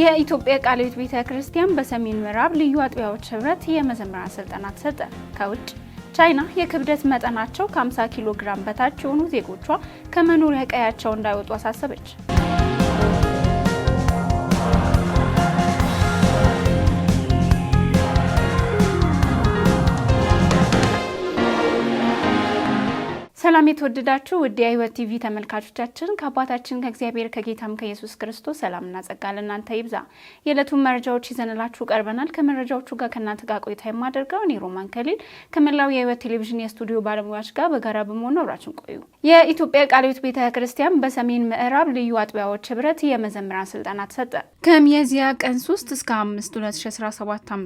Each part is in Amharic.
የኢትዮጵያ ቃለ ሕይወት ቤተ ክርስቲያን በሰሜን ምዕራብ ልዩ አጥቢያዎች ህብረት የመዘምራን ስልጠና ተሰጠ። ከውጭ ቻይና የክብደት መጠናቸው ከ50 ኪሎ ግራም በታች የሆኑ ዜጎቿ ከመኖሪያ ቀያቸው እንዳይወጡ አሳሰበች። ሰላም የተወደዳችሁ ውድ ህይወት ቲቪ ተመልካቾቻችን ከአባታችን ከእግዚአብሔር ከጌታም ከኢየሱስ ክርስቶስ ሰላምና ጸጋ ለእናንተ ይብዛ። የዕለቱን መረጃዎች ይዘንላችሁ ቀርበናል። ከመረጃዎቹ ጋር ከእናንተ ጋር ቆይታ የማደርገው እኔ ሮማን ከሊል ከመላው የህይወት ቴሌቪዥን የስቱዲዮ ባለሙያዎች ጋር በጋራ በመሆኑ አብራችን ቆዩ። የኢትዮጵያ ቃለ ሕይወት ቤተ ክርስቲያን በሰሜን ምዕራብ ልዩ አጥቢያዎች ህብረት የመዘምራን ስልጠና ተሰጠ። ከሚያዝያ ቀን 3 እስከ 5 2017 ዓ.ም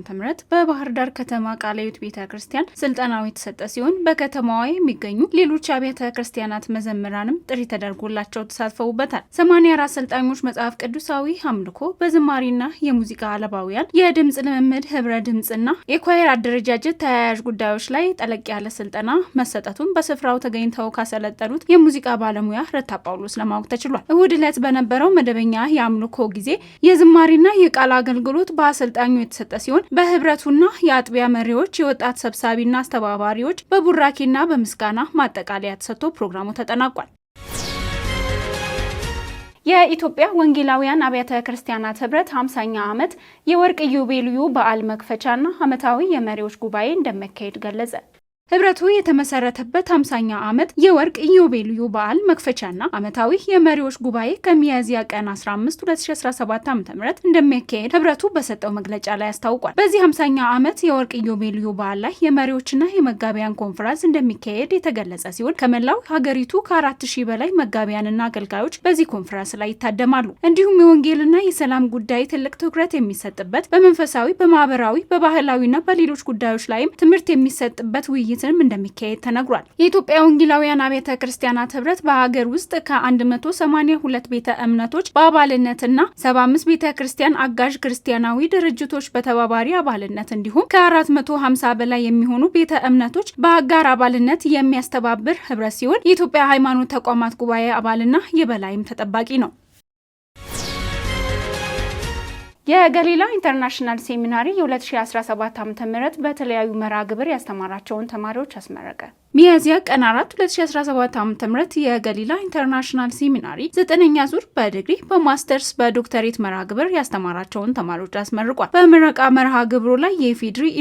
በባህር ዳር ከተማ ቃለ ሕይወት ቤተ ክርስቲያን ስልጠናው የተሰጠ ሲሆን በከተማዋ የሚገኙ ሌሎች አብያተ ክርስቲያናት መዘምራንም ጥሪ ተደርጎላቸው ተሳትፈውበታል። 84 ሰልጣኞች መጽሐፍ ቅዱሳዊ አምልኮ በዝማሬና የሙዚቃ አለባውያን፣ የድምፅ ልምምድ፣ ህብረ ድምፅና የኳየር አደረጃጀት ተያያዥ ጉዳዮች ላይ ጠለቅ ያለ ስልጠና መሰጠቱን በስፍራው ተገኝተው ካሰለጠኑት የሙዚቃ ባለሙያ ረታ ጳውሎስ ለማወቅ ተችሏል። እሁድ ዕለት በነበረው መደበኛ የአምልኮ ጊዜ የዝማሬና የቃል አገልግሎት በአሰልጣኙ የተሰጠ ሲሆን በህብረቱና የአጥቢያ መሪዎች፣ የወጣት ሰብሳቢና አስተባባሪዎች በቡራኬና በምስጋና ማጠቃለያ ተሰጥቶ ፕሮግራሙ ተጠናቋል። የኢትዮጵያ ወንጌላውያን አብያተ ክርስቲያናት ህብረት 50ኛ ዓመት የወርቅ ኢዮቤልዩ በዓል መክፈቻና ዓመታዊ የመሪዎች ጉባኤ እንደሚካሄድ ገለጸ። ህብረቱ የተመሰረተበት 50 ዓመት የወርቅ ኢዮቤልዩ በዓል መክፈቻና ዓመታዊ የመሪዎች ጉባኤ ከሚያዝያ ቀን 15 2017 ዓ.ም እንደሚያካሄድ ህብረቱ በሰጠው መግለጫ ላይ አስታውቋል። በዚህ 50 ዓመት የወርቅ ኢዮቤልዩ በዓል ላይ የመሪዎችና የመጋቢያን ኮንፈረንስ እንደሚካሄድ የተገለጸ ሲሆን ከመላው ሀገሪቱ ከ4 ሺህ በላይ መጋቢያንና አገልጋዮች በዚህ ኮንፈረንስ ላይ ይታደማሉ። እንዲሁም የወንጌልና የሰላም ጉዳይ ትልቅ ትኩረት የሚሰጥበት፣ በመንፈሳዊ፣ በማህበራዊ፣ በባህላዊና በሌሎች ጉዳዮች ላይም ትምህርት የሚሰጥበት ውይይት ውይይትንም እንደሚካሄድ ተነግሯል። የኢትዮጵያ ወንጌላውያን አብያተ ክርስቲያናት ህብረት በሀገር ውስጥ ከ182 ቤተ እምነቶች በአባልነትና 75 ቤተ ክርስቲያን አጋዥ ክርስቲያናዊ ድርጅቶች በተባባሪ አባልነት እንዲሁም ከ450 በላይ የሚሆኑ ቤተ እምነቶች በአጋር አባልነት የሚያስተባብር ህብረት ሲሆን የኢትዮጵያ ሃይማኖት ተቋማት ጉባኤ አባልና የበላይም ተጠባቂ ነው። የገሊላ ኢንተርናሽናል ሴሚናሪ የ2017 ዓ.ም በተለያዩ መርሃ ግብር ያስተማራቸውን ተማሪዎች አስመረቀ። ሚያዝያ ቀን 4 2017 ዓ.ም የገሊላ ኢንተርናሽናል ሴሚናሪ ዘጠነኛ ዙር በዲግሪ በማስተርስ በዶክተሬት መርሃ ግብር ያስተማራቸውን ተማሪዎች አስመርቋል። በምረቃ መርሃ ግብሩ ላይ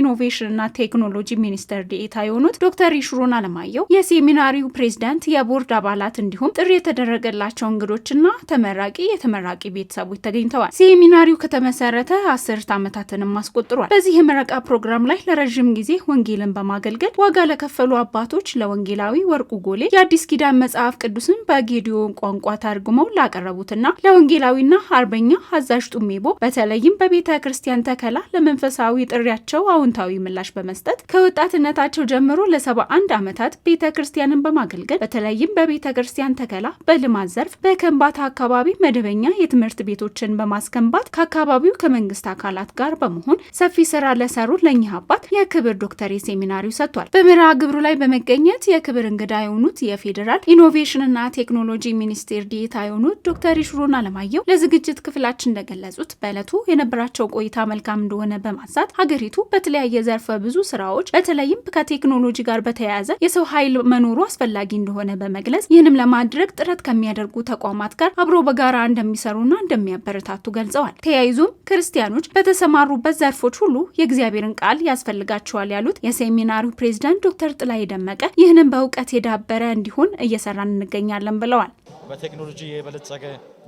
ኢኖቬሽን እና ቴክኖሎጂ ሚኒስቴር ዴኤታ የሆኑት ዶክተር ይሽሩን አለማየሁ፣ የሴሚናሪው ፕሬዚዳንት፣ የቦርድ አባላት እንዲሁም ጥሪ የተደረገላቸው እንግዶችና ተመራቂ የተመራቂ ቤተሰቦች ተገኝተዋል። ሴሚናሪው ከተመሰረተ አስርት ዓመታትንም አስቆጥሯል። በዚህ የምረቃ ፕሮግራም ላይ ለረዥም ጊዜ ወንጌልን በማገልገል ዋጋ ለከፈሉ አባቶች ሰዎች ለወንጌላዊ ወርቁ ጎሌ የአዲስ ኪዳን መጽሐፍ ቅዱስን በጌዲዮን ቋንቋ ተርጉመው ላቀረቡትና ለወንጌላዊና አርበኛ አዛዥ ጡሜቦ በተለይም በቤተ ክርስቲያን ተከላ ለመንፈሳዊ ጥሪያቸው አዎንታዊ ምላሽ በመስጠት ከወጣትነታቸው ጀምሮ ለሰባ አንድ ዓመታት ቤተ ክርስቲያንን በማገልገል በተለይም በቤተ ክርስቲያን ተከላ በልማት ዘርፍ በከንባታ አካባቢ መደበኛ የትምህርት ቤቶችን በማስገንባት ከአካባቢው ከመንግስት አካላት ጋር በመሆን ሰፊ ስራ ለሰሩ ለእኚህ አባት የክብር ዶክተር ሴሚናሪው ሰጥቷል። በመርሃ ግብሩ ላይ በመገ በመገኘት የክብር እንግዳ የሆኑት የፌዴራል ኢኖቬሽንና ቴክኖሎጂ ሚኒስቴር ዲኤታ የሆኑት ዶክተር ይሽሩን አለማየሁ ለዝግጅት ክፍላችን እንደገለጹት በዕለቱ የነበራቸው ቆይታ መልካም እንደሆነ በማንሳት ሀገሪቱ በተለያየ ዘርፈ ብዙ ስራዎች በተለይም ከቴክኖሎጂ ጋር በተያያዘ የሰው ኃይል መኖሩ አስፈላጊ እንደሆነ በመግለጽ ይህንም ለማድረግ ጥረት ከሚያደርጉ ተቋማት ጋር አብሮ በጋራ እንደሚሰሩና እንደሚያበረታቱ ገልጸዋል። ተያይዞም ክርስቲያኖች በተሰማሩበት ዘርፎች ሁሉ የእግዚአብሔርን ቃል ያስፈልጋቸዋል ያሉት የሴሚናሩ ፕሬዚዳንት ዶክተር ጥላይ ደመቀ የላቀ ይህንን በእውቀት የዳበረ እንዲሆን እየሰራን እንገኛለን ብለዋል። በቴክኖሎጂ የበለጸገ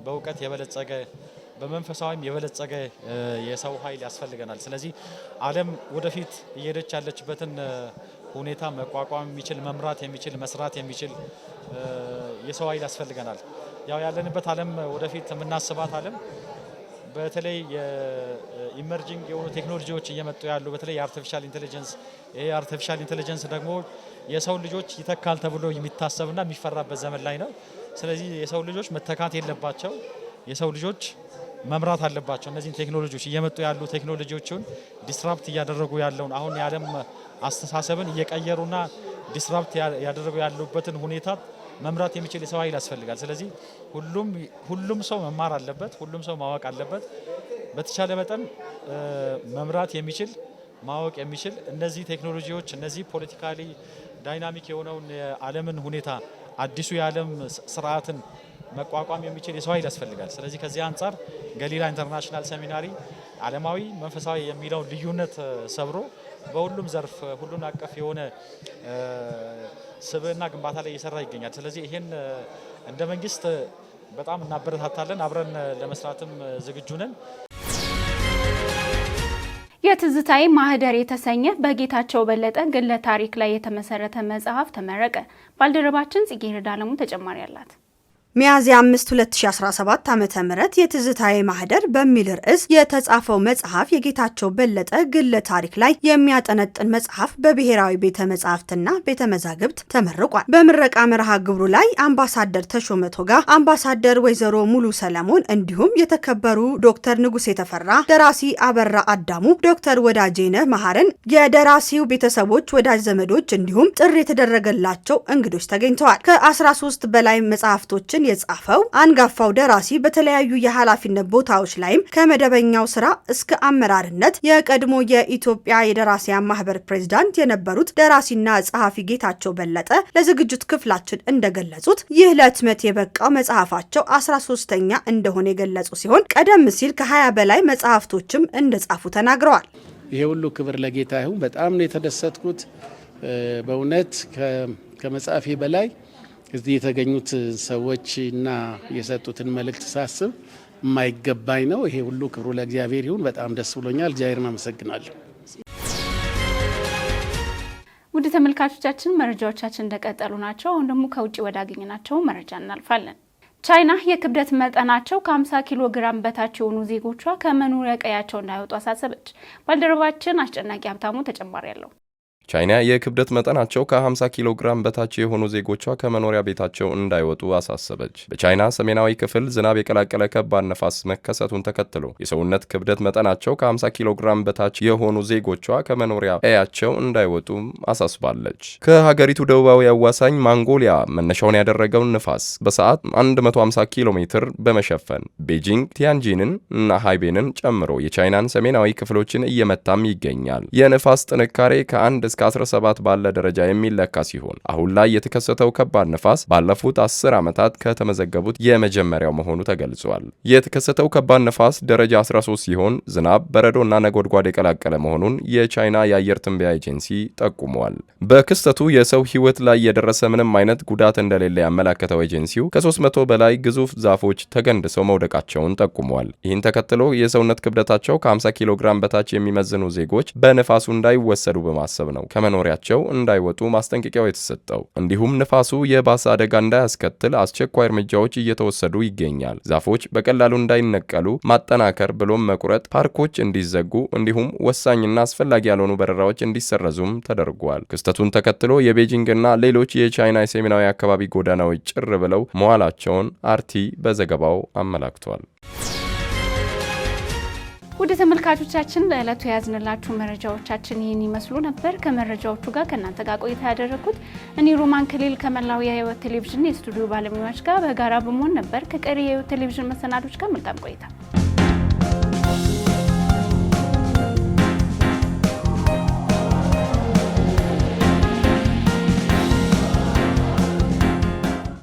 በእውቀት የበለጸገ በመንፈሳዊም የበለጸገ የሰው ኃይል ያስፈልገናል። ስለዚህ ዓለም ወደፊት እየሄደች ያለችበትን ሁኔታ መቋቋም የሚችል መምራት የሚችል መስራት የሚችል የሰው ኃይል ያስፈልገናል። ያው ያለንበት ዓለም ወደፊት የምናስባት ዓለም በተለይ የኢመርጂንግ የሆኑ ቴክኖሎጂዎች እየመጡ ያሉ በተለይ የአርቲፊሻል ኢንቴሊጀንስ ይህ አርቲፊሻል ኢንቴሊጀንስ ደግሞ የሰው ልጆች ይተካል ተብሎ የሚታሰብና የሚፈራበት ዘመን ላይ ነው። ስለዚህ የሰው ልጆች መተካት የለባቸው። የሰው ልጆች መምራት አለባቸው። እነዚህን ቴክኖሎጂዎች እየመጡ ያሉ ቴክኖሎጂዎችን ዲስራፕት እያደረጉ ያለውን አሁን የዓለም አስተሳሰብን እየቀየሩና ዲስራፕት ያደረጉ ያሉበትን ሁኔታ መምራት የሚችል የሰው ኃይል ያስፈልጋል። ስለዚህ ሁሉም ሰው መማር አለበት። ሁሉም ሰው ማወቅ አለበት። በተቻለ መጠን መምራት የሚችል ማወቅ የሚችል እነዚህ ቴክኖሎጂዎች እነዚህ ፖለቲካሊ ዳይናሚክ የሆነውን የዓለምን ሁኔታ አዲሱ የዓለም ስርዓትን መቋቋም የሚችል የሰው ኃይል ያስፈልጋል። ስለዚህ ከዚህ አንጻር ገሊላ ኢንተርናሽናል ሴሚናሪ ዓለማዊ መንፈሳዊ የሚለውን ልዩነት ሰብሮ በሁሉም ዘርፍ ሁሉን አቀፍ የሆነ ስብዕና ግንባታ ላይ እየሰራ ይገኛል። ስለዚህ ይሄን እንደ መንግስት በጣም እናበረታታለን። አብረን ለመስራትም ዝግጁ ነን። የትዝታዬ ማህደር የተሰኘ በጌታቸው በለጠ ግለ ታሪክ ላይ የተመሰረተ መጽሐፍ ተመረቀ። ባልደረባችን ጽጌረዳ አለሙ ተጨማሪ አላት። ሚያዝያ 5 2017 ዓ ም የትዝታዬ ማህደር በሚል ርዕስ የተጻፈው መጽሐፍ የጌታቸው በለጠ ግለ ታሪክ ላይ የሚያጠነጥን መጽሐፍ በብሔራዊ ቤተ መጻሕፍትና ቤተ መዛግብት ተመርቋል። በምረቃ መርሃ ግብሩ ላይ አምባሳደር ተሾመ ቶጋ፣ አምባሳደር ወይዘሮ ሙሉ ሰለሞን እንዲሁም የተከበሩ ዶክተር ንጉሥ የተፈራ፣ ደራሲ አበራ አዳሙ፣ ዶክተር ወዳጄነ መሐረን፣ የደራሲው ቤተሰቦች፣ ወዳጅ ዘመዶች እንዲሁም ጥሪ የተደረገላቸው እንግዶች ተገኝተዋል። ከ13 በላይ መጽሐፍቶችን የጻፈው አንጋፋው ደራሲ በተለያዩ የኃላፊነት ቦታዎች ላይም ከመደበኛው ስራ እስከ አመራርነት የቀድሞ የኢትዮጵያ የደራሲያን ማህበር ፕሬዝዳንት የነበሩት ደራሲና ጸሐፊ ጌታቸው በለጠ ለዝግጅት ክፍላችን እንደገለጹት ይህ ለህትመት የበቃው መጽሐፋቸው አስራ ሶስተኛ እንደሆነ የገለጹ ሲሆን ቀደም ሲል ከሀያ በላይ መጽሐፍቶችም እንደጻፉ ተናግረዋል። ይሄ ሁሉ ክብር ለጌታ ይሁን። በጣም ነው የተደሰትኩት። በእውነት ከመጽሐፌ በላይ እዚህ የተገኙት ሰዎች እና የሰጡትን መልእክት ሳስብ የማይገባኝ ነው። ይሄ ሁሉ ክብሩ ለእግዚአብሔር ይሁን። በጣም ደስ ብሎኛል። እግዚአብሔርን አመሰግናለሁ። ውድ ተመልካቾቻችን መረጃዎቻችን እንደቀጠሉ ናቸው። አሁን ደግሞ ከውጭ ወዳገኝናቸው መረጃ እናልፋለን። ቻይና የክብደት መጠናቸው ከ50 ኪሎ ግራም በታች የሆኑ ዜጎቿ ከመኖሪያ ቀያቸው እንዳይወጡ አሳሰበች። ባልደረባችን አስጨናቂ ሀብታሙ ተጨማሪ አለው። ቻይና የክብደት መጠናቸው ከ50 ኪሎ ግራም በታች የሆኑ ዜጎቿ ከመኖሪያ ቤታቸው እንዳይወጡ አሳሰበች። በቻይና ሰሜናዊ ክፍል ዝናብ የቀላቀለ ከባድ ነፋስ መከሰቱን ተከትሎ የሰውነት ክብደት መጠናቸው ከ50 ኪሎ ግራም በታች የሆኑ ዜጎቿ ከመኖሪያ ቀያቸው እንዳይወጡም አሳስባለች። ከሀገሪቱ ደቡባዊ አዋሳኝ ማንጎሊያ መነሻውን ያደረገውን ንፋስ በሰዓት 150 ኪሎ ሜትር በመሸፈን ቤጂንግ፣ ቲያንጂንን እና ሃይቤንን ጨምሮ የቻይናን ሰሜናዊ ክፍሎችን እየመታም ይገኛል። የንፋስ ጥንካሬ ከአንድ እስከ 17 ባለ ደረጃ የሚለካ ሲሆን አሁን ላይ የተከሰተው ከባድ ነፋስ ባለፉት 10 ዓመታት ከተመዘገቡት የመጀመሪያው መሆኑ ተገልጿል። የተከሰተው ከባድ ነፋስ ደረጃ 13 ሲሆን ዝናብ፣ በረዶና ነጎድጓድ የቀላቀለ መሆኑን የቻይና የአየር ትንበያ ኤጀንሲ ጠቁሟል። በክስተቱ የሰው ሕይወት ላይ የደረሰ ምንም አይነት ጉዳት እንደሌለ ያመላከተው ኤጀንሲው ከ300 በላይ ግዙፍ ዛፎች ተገንድሰው መውደቃቸውን ጠቁሟል። ይህን ተከትሎ የሰውነት ክብደታቸው ከ50 ኪሎ ግራም በታች የሚመዝኑ ዜጎች በነፋሱ እንዳይወሰዱ በማሰብ ነው ከመኖሪያቸው እንዳይወጡ ማስጠንቀቂያው የተሰጠው። እንዲሁም ንፋሱ የባሰ አደጋ እንዳያስከትል አስቸኳይ እርምጃዎች እየተወሰዱ ይገኛል። ዛፎች በቀላሉ እንዳይነቀሉ ማጠናከር ብሎም መቁረጥ፣ ፓርኮች እንዲዘጉ እንዲሁም ወሳኝና አስፈላጊ ያልሆኑ በረራዎች እንዲሰረዙም ተደርጓል። ክስተቱን ተከትሎ የቤጂንግና ሌሎች የቻይና የሰሜናዊ አካባቢ ጎዳናዎች ጭር ብለው መዋላቸውን አርቲ በዘገባው አመላክቷል። ወደ ተመልካቾቻችን ለዕለቱ የያዝንላችሁ መረጃዎቻችን ይህን ይመስሉ ነበር። ከመረጃዎቹ ጋር ከእናንተ ጋር ቆይታ ያደረግኩት እኔ ሮማን ክሊል ከመላው የህይወት ቴሌቪዥን የስቱዲዮ ባለሙያዎች ጋር በጋራ በመሆን ነበር። ከቀሪ የህይወት ቴሌቪዥን መሰናዶች ጋር መልካም ቆይታ